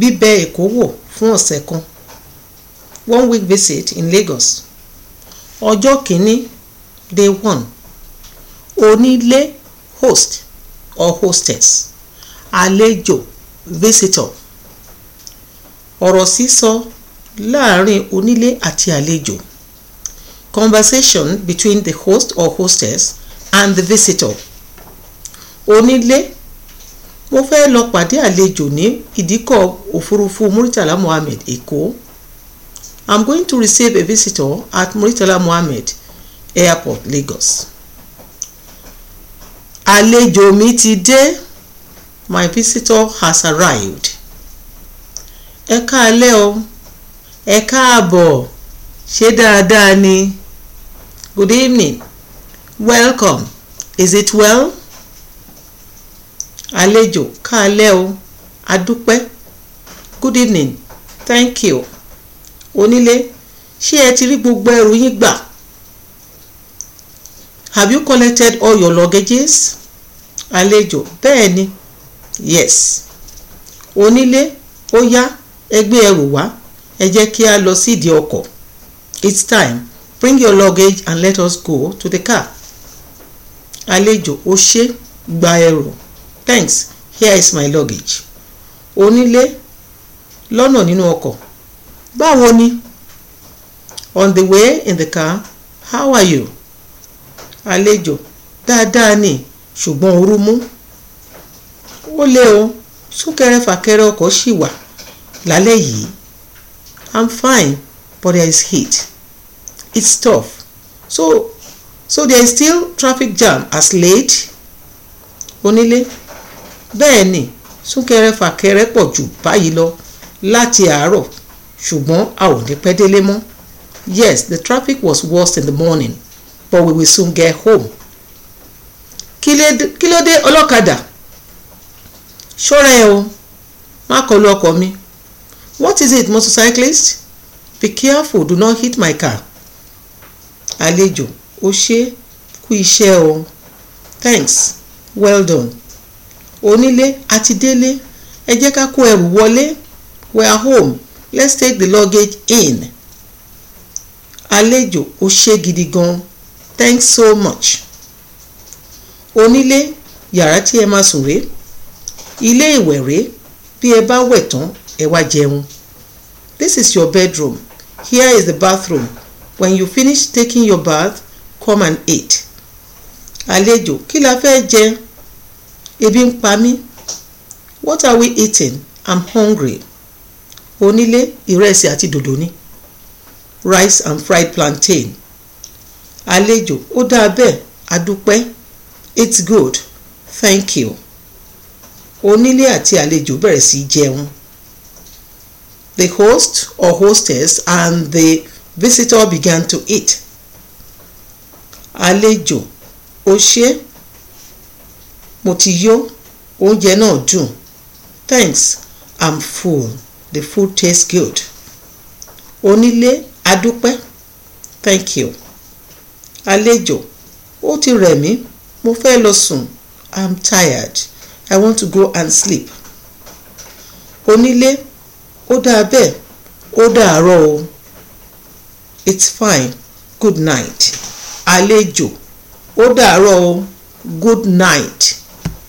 bíbẹ èkó wò fún ọ̀sẹ̀ kan one week visit in Lagos ọjọ́ kìíní day one onílé host or hostess àlejò visitor ọ̀rọ̀ sísọ láàrin onílé àti àlejò conversation between the host or hostess and the visitor onílé mo fẹ́ lọ pàdé àlejò ní ìdíkọ̀ òfurufú Murtala Mohammed Èkó I'm going to receive a visitor at Muritala Mohammed Airport Lagos àlejò mi ti dé my visitor has arrived ẹ káalẹ́ o ẹ káàbọ̀ ṣé dáadáa ni good evening welcome is it well àlejò káalẹ́ o adúpẹ́ good evening thank you onílé ṣé ẹ ti rí gbogbo ẹrù yín gbà have you collected all your luggages àlejò bẹ́ẹ̀ ni yes onílé ó yá ẹ gbé ẹrù wá ẹ jẹ́ kí a lọ sídìí ọkọ̀ it's time bring your luggage and let us go to the car àlejò ó ṣe gba ẹrù thanks here is my luggage onílé lọ́nà nínú ọkọ̀ báwo ni on the way in the car how are you àlejò dáadáa ni ṣùgbọ́n ooru mú ó lé o súnkẹrẹ fàkẹrẹ ọkọ̀ ṣì wà lálẹ́ yìí i'm fine but there is heat it's tough so so there is still traffic jam as late onílé bẹ́ẹ̀ ni súnkẹrẹ fàkẹrẹ pọ̀ jù báyìí lọ láti àárọ̀ ṣùgbọ́n a ò ní pẹ́ délé mọ́ yes the traffic was worse in the morning but we will soon get home. kí ló dé ọlọ́kadà ṣọ́ra ẹ o má kọlu ọkọ̀ mi what is it motorcyclist be careful do not hit my car. àlejò ó ṣe kú iṣẹ́ o thanks well done onílé àti délé ẹ jẹ́ ká kó ẹrù wọlé we are home let's take the luggage in. àlejò ó ṣe gidi gan thanks so much. onílé yàrá tí ẹ máa sùn rèé ilé ìwẹ̀ rèé bí ẹ bá wẹ̀ tán ẹ wá jẹun. this is your bedroom here is the bathroom when you finish taking your bath come and eat. àlejò kí la fẹ́ jẹ ebi ń pa mí what are we eating i'm hungry onílé ìrẹsì àti dòdò ni rice and fried plantain àlejò ó dáa bẹ́ẹ̀ adúpẹ́ it's good thank you onílé àti àlejò bẹ̀rẹ̀ sí jẹun the host or hostess and the visitor began to eat àlejò ó ṣe é mo ti yó oúnjẹ náà dùn thanks i'm full the food tastes good onílé adúpẹ́ thank you àlejò ó ti rẹ̀ mí mo fẹ́ lọ sùn i'm tired i want to go and sleep onílé ó dáa bẹ́ẹ̀ ó dàárọ̀ o it's fine good night àlejò ó dàárọ̀ o good night.